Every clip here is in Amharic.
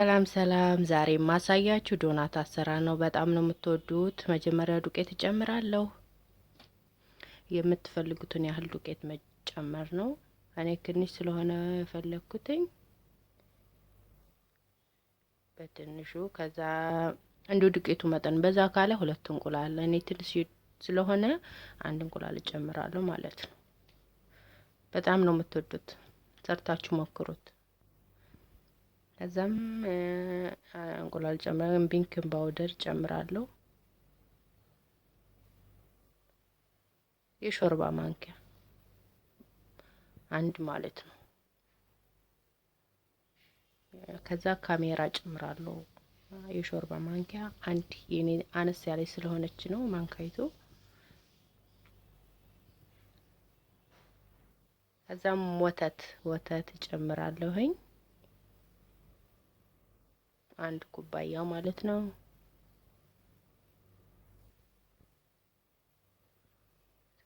ሰላም ሰላም፣ ዛሬ የማሳያችሁ ዶናት አሰራር ነው። በጣም ነው የምትወዱት። መጀመሪያ ዱቄት እጨምራለሁ። የምትፈልጉትን ያህል ዱቄት መጨመር ነው። እኔ ትንሽ ስለሆነ የፈለግኩትኝ በትንሹ። ከዛ እንዲሁ ዱቄቱ መጠን በዛ ካለ ሁለት እንቁላል፣ እኔ ትንሽ ስለሆነ አንድ እንቁላል እጨምራለሁ ማለት ነው። በጣም ነው የምትወዱት። ሰርታችሁ ሞክሩት። ከዛም እንቁላል ጨምረን ቤኪንግ ፓውደር ጨምራለሁ። የሾርባ ማንኪያ አንድ ማለት ነው። ከዛ ካሜራ ጨምራለሁ። የሾርባ ማንኪያ አንድ የኔ አነስ ያለች ስለሆነች ነው ማንካይቱ። ከዛም ወተት ወተት ጨምራለሁኝ። አንድ ኩባያ ማለት ነው።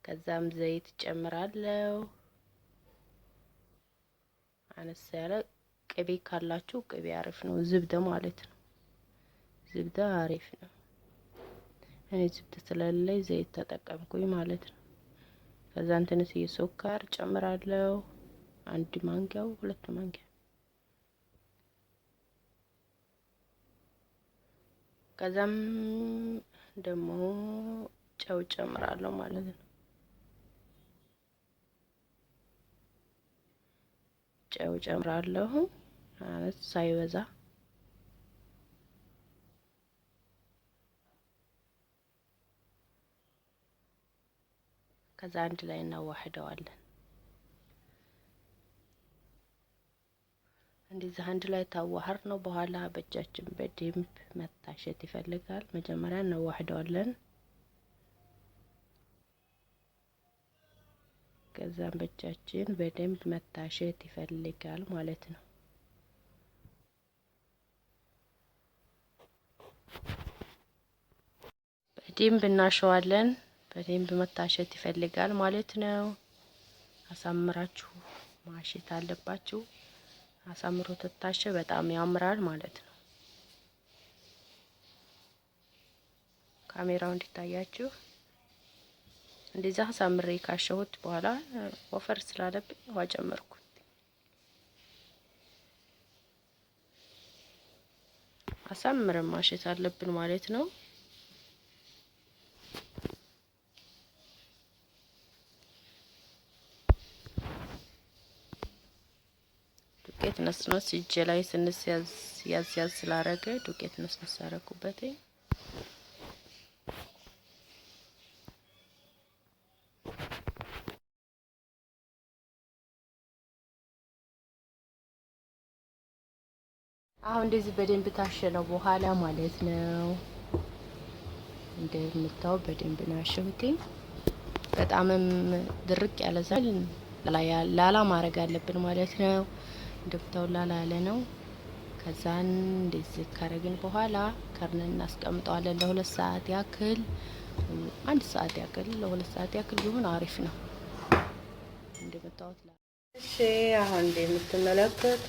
ከዛም ዘይት ጨምራለሁ። አነስ ያለ ቅቤ ካላችሁ ቅቤ አሪፍ ነው። ዝብደ ማለት ነው። ዝብደ አሪፍ ነው። እኔ ዝብደ ስለሌለኝ ዘይት ተጠቀምኩኝ ማለት ነው። ከዛን ትንሽዬ የሶካር ጨምራለሁ። አንድ ማንኪያው ሁለት ማንኪያ ከዛም ደግሞ ጨው ጨምራለሁ ማለት ነው። ጨው ጨምራለሁ ማለት ሳይበዛ ከዛ አንድ ላይ እናዋህደዋለን። እንደዚህ አንድ ላይ ታዋህር ነው። በኋላ በእጃችን በደንብ መታሸት ይፈልጋል። መጀመሪያ እንዋህደዋለን ከዛም በእጃችን በደንብ መታሸት ይፈልጋል ማለት ነው። በደንብ እናሸዋለን። በደንብ መታሸት ይፈልጋል ማለት ነው። አሳምራችሁ ማሸት አለባችሁ። አሳምሮ ትታሸ በጣም ያምራል ማለት ነው። ካሜራው እንዲታያችሁ እንደዛ አሳምሬ ካሸሁት በኋላ ወፈር ስላለብኝ ውሃ ጨመርኩ አሳምረን ማሸት አለብን ማለት ነው። ዱቄት ነስነስ እጄ ላይ ስንስ ያዝ ያዝ ያዝ ስላረገ ዱቄት ነስነስ አረኩበት። አሁን እንደዚህ በደንብ ታሸነው በኋላ ማለት ነው። እንደምታው በደንብ ናሸሁትኝ። በጣምም ድርቅ ያለ ዘል ላላ ማድረግ አለብን ማለት ነው። ዶክተር ላላለ ነው። ከዛን እንደዚህ ካረግን በኋላ ከርነን እናስቀምጠዋለን ለሁለት ሰዓት ያክል አንድ ሰዓት ያክል ለሁለት ሰዓት ያክል ቢሆን አሪፍ ነው። እንደምታወት እሺ፣ አሁን እንደምትመለከቱ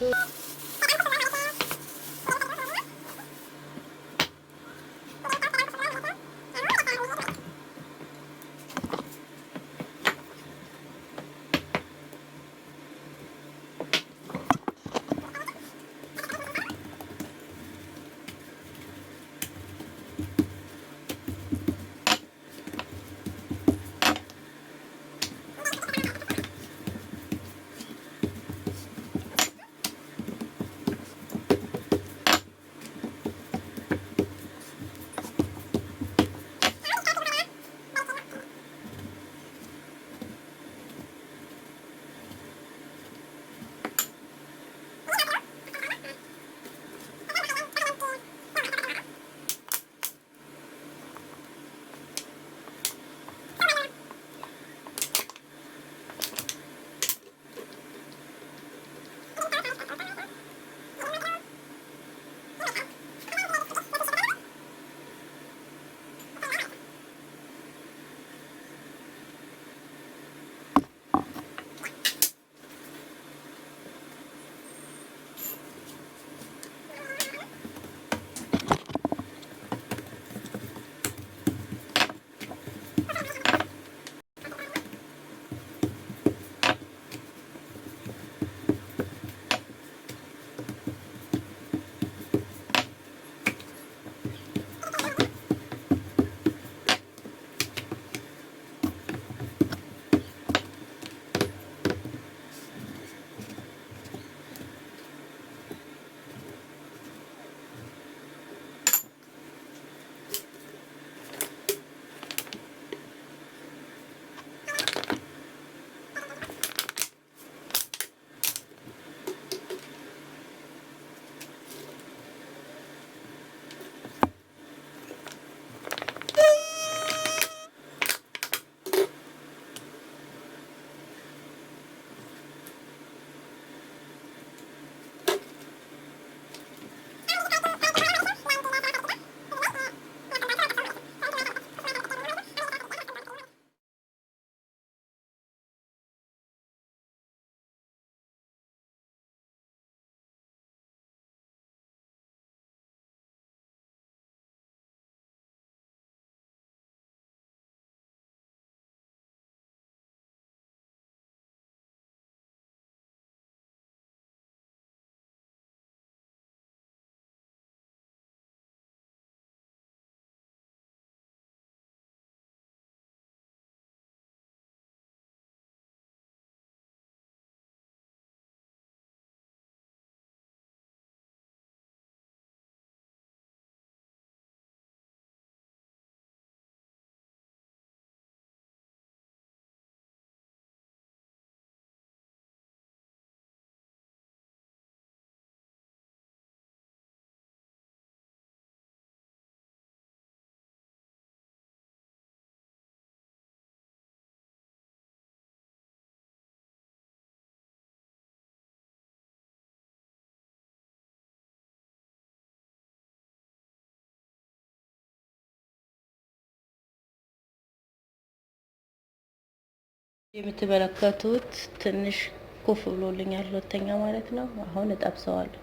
የምትመለከቱት ትንሽ ኩፍ ብሎልኛል፣ ሁለተኛ ማለት ነው። አሁን እጠብሰዋለሁ።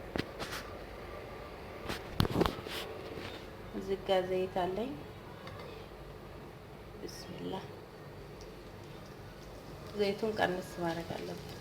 እዚህ ጋ ዘይት አለኝ። ብስሚላ ዘይቱን ቀንስ ማድረግ አለብን።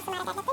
盗まれた時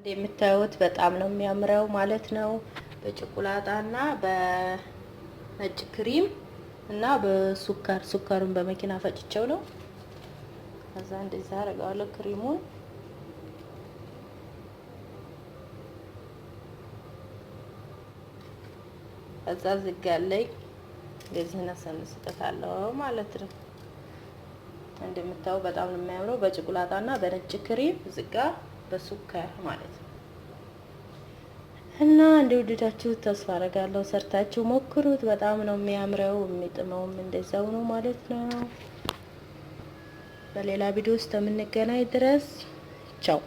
እንደምታዩት በጣም ነው የሚያምረው ማለት ነው። በጨቁላጣ እና በነጭ ክሪም እና በሱካር ሱካሩን በመኪና ፈጭቸው ነው። ከዛ እንደዛ አደርገዋለሁ ክሪሙን እዛ ዝጋለኝ እንደዚህ ነሰን ስጠታለሁ ማለት ነው። እንደምታዩ በጣም ነው የሚያምረው በጨቁላጣ በነጭ ክሪም ዝጋ በሱካር ማለት ነው። እና እንደወደዳችሁት ተስፋ አረጋለሁ። ሰርታችሁ ሞክሩት። በጣም ነው የሚያምረው፣ የሚጥመውም እንደዛው ነው ማለት ነው። በሌላ ቪዲዮ ውስጥ ድረስ ቻው።